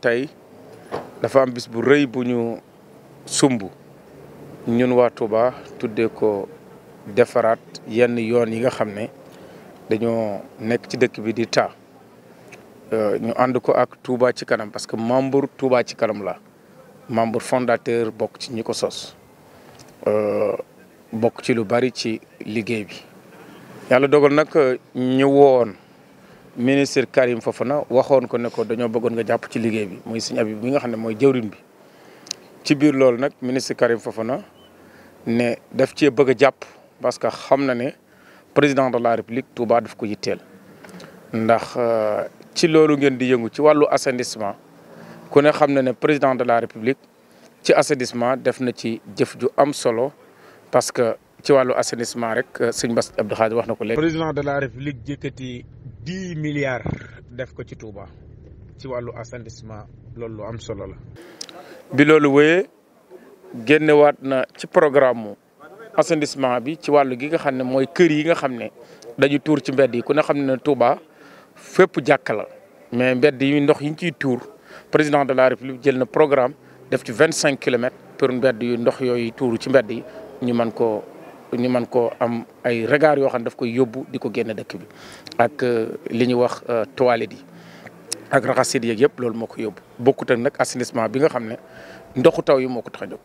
tey dafa am bis bu rëy bu ñu sumb ñun waa Touba tuddee ko defaraat yenn yoon yi nga xam ne dañoo nekk ci dëkk bi di taa euh, ñu ànd ko ak Touba ci kanam parce que membre Touba ci kanam la membre fondateur bokk ci ñi ko sos euh, bokk ci lu bari ci liggéey bi yàlla dogal nag euh, ñu woon ministre Karim Fofana waxoon ko ne ko dañoo bëggoon nga jàpp ci liggéey bi muy sëñ Abib bi xam ne mooy jëwriñ bi ci biir loolu nag ministre Karim Fofana ne def cee bëgg a jàpp parce que xam na ne président de la république Touba daf ko yitteel. ndax euh, ci loolu ngeen di yëngu ci wàllu assainissement ku ne xam na ne président de la république ci assainissement def na ci jëf ju am solo parce que ci wàllu assainissement rek euh, sëñ Bass Abdou Khadre wax na ko léegi. président de la république jëkkati. dix milliards def ko ci Touba ci wàllu assainissement loolu lu am solo la. bi loolu wéyee génnewaat na ci programme mu assainissement bi ci wàllu gi nga xam ne mooy kër yi nga xam ne dañu tuur ci mbedd yi ku na xam ne Touba fépp jàkka la mais mbedd yi ndox yi ñu ciy tuur président de la république jël na programme def ci vingt cinq kilomètres pour mbedd yu ndox yooyu tuuru ci mbedd yi ñu man ko ñu man ko am ay regard yo xamne daf koy yobbu diko ko génn dëkk bi ak euh, li ñuy wax euh, toilette yi ak raxasit yeeg yëpp loolu moko yobbu yóbbu ak nak assainissement bi nga xamne ne ndoxu taw yi moko ko tax a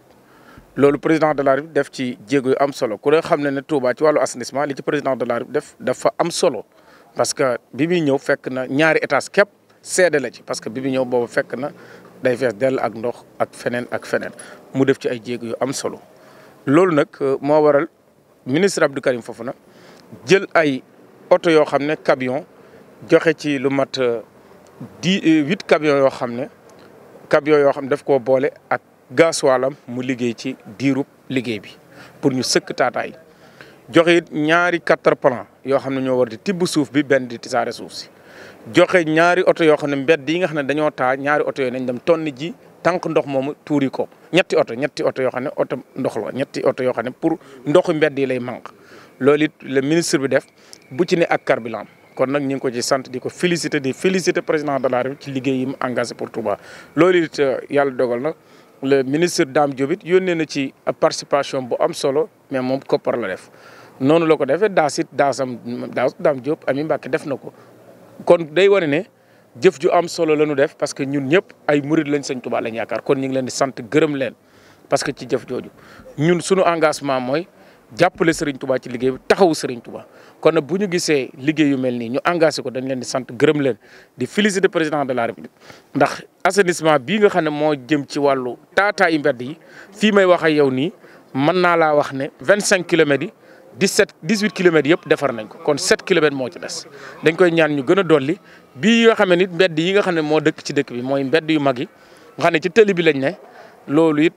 loolu président de la République def ci jéego am solo ku ne xam ne Touba ci walu assainissement li ci président de la République def dafa am solo parce que bi muy ñëw fekk na ñaari étage kep seede la ci parce que bi muy ñëw boobu fekk na day fess del ak ndox ak fenen ak fenen mu def ci ay jéego yu am solo loolu nak euh, mo waral ministre Abdou Karim Fofana jël ay oto yoo xam ne camion joxe ci lu mat euh, dix euh, huit camions yoo xam ne camions yoo xam ne daf koo boole ak gaaswaalam mu liggéey ci diirub liggéey bi pour ñu sëkk taataay joxe it ñaari quatre plan yoo xam ne ñoo war di tibb suuf bi benn di tisaare suuf si joxe ñaari oto yoo xam ne mbedd yi nga xam ne dañoo taa ñaari oto yooyu nañ dem tonn ji tànk ndox moomu tuuri ko ñetti oto ñetti oto yoo xam ne oto ndox la ñetti oto yoo xam pour ndoxu mbedd lay mank lolit le ministre bi def bu ci ne ak carburant kon nak ñu ko ci sante diko ko féliciter di féliciter président de la République ci liggéey yi mu engagé pour Touba lolit euh, yalla dogal na le ministre dam jobit it na ci participation bu am solo mais moom koppar la def nonu lako ko defee daas dam job ami Dame def nako kon day wane ne jëf ju am solo la ñu def parce que ñun ñëpp ay murid lañ sëñ Tuubaa lañ yaakaar kon ñu ngi leen di sant gërëm leen parce que ci jëf jooju ñun suñu engagement mooy jàppale Serigne Touba ci liggéey bi taxawu Serigne Touba kon nag bu ñu gisee liggéey yu mel nii ñu engagé ko dañ leen di sant gërëm leen di féliciter président de la république ndax assainissement bii nga xam ne moo jëm ci wàllu taataayu mbedd yi fii may wax ak yow nii mën naa laa wax ne vingt cinq kilomètres yi dix sept dix huit kilomètres yëpp defar nañ ko kon sept kilomètres moo ci des dañ koy ñaan ñu gën a dolli bi yoo xam ne nit mbedd yi nga xam ne moo dëkk ci dëkk bi mooy mbedd yu mag yi nga xam ne ci tëli bi lañ ne loolu it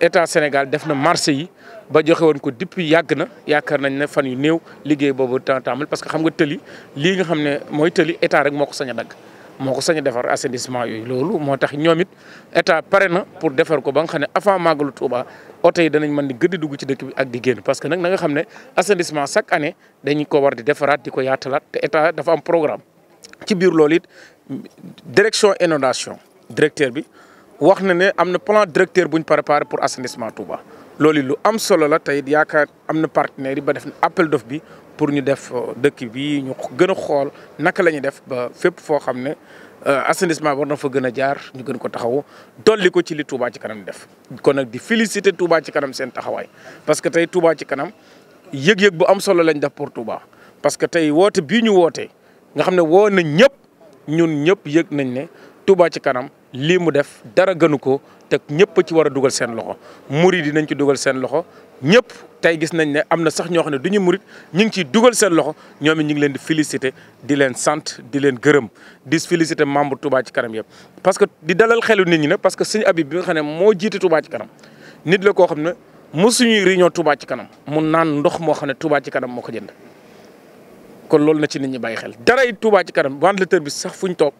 état Sénégal def na marché yi ba joxe woon ko depuis yàgg na yaakaar nañ ne fan yu néew liggéey boobu tàmbali parce que xam nga tëli lii nga xam ne mooy tëli état rek moo ko sañ a dagg moo ko sañ defar assainissement yooyu loolu moo tax ñoom it état pare na pour defar ko ba nga xam ne avant màggalu lu oto yi danañ mën di gëdd dugg ci dëkk bi ak di génn parce que nag na nga xam ne assainissement chaque année dañ ko war di defaraat ko yaatalaat te dafa am programme ci biir loolu it direction inondation directeur bi wax na ne am na plan directeur bu ñu préparé pour assainissement Touba. loolu lu am solo la tey yaakaar am na partenaires yi ba def appel dof bi pour ñu def euh, dëkk bi ñu gën a xool naka la ñuy def ba fépp foo xam ne euh, assainissement war na fa gën a jaar ñu gën ko taxawu dolli ko ci li Touba ci kanam def. kon nag di féliciter Touba ci kanam seen taxawaay parce que tey Touba ci kanam yëg-yëg bu am solo lañ def pour Touba parce que tey woote bii ñu wootee. nga xam ne woo nañ ñëpp ñun ñëpp yëg nañ ne Touba ci kanam lii mu def dara gënu ko teg ñëpp ci war a dugal seen loxo murid nañ ci dugal seen loxo ñëpp tey gis nañ ne am na sax ñoo xam ne du ñu murid ñu ngi ciy dugal seen loxo ñoom it ñu ngi leen di féliciter di leen sant di leen gërëm di féliciter membre Touba ci kanam yëpp. parce que di dalal xelu nit ñi nag parce que suñu abi bi nga xam ne moo jiite Touba ci kanam nit la koo xam ne mosuñuy réunion Touba ci kanam mu naan ndox moo xam ne Touba ci kanam moo ko jënd. kon loolu na ci nit ñi bàyyi xel dara it Touba ci kanam ventilateur bi sax fuñ tok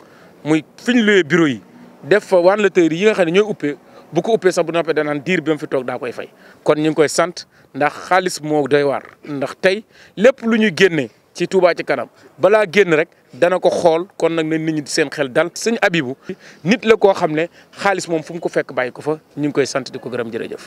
muy fiñ ñu bureau yi def fa ventilateur yi nga xam ne ñooy uppee bu ko uppé sax bu da nan diir bi fi tok da koy fay. kon ñing koy sante ndax xaalis mo doy war ndax tay lepp lu ñu génnee ci Touba ci kanam balaa génn rek dana ko xol kon nak na nit ñi seen xel dal sëñ abibou nit la ko xam ne mom moom fu ko fekk bayiko fa ñing ngi koy sant di ko gërëm jërëjëf.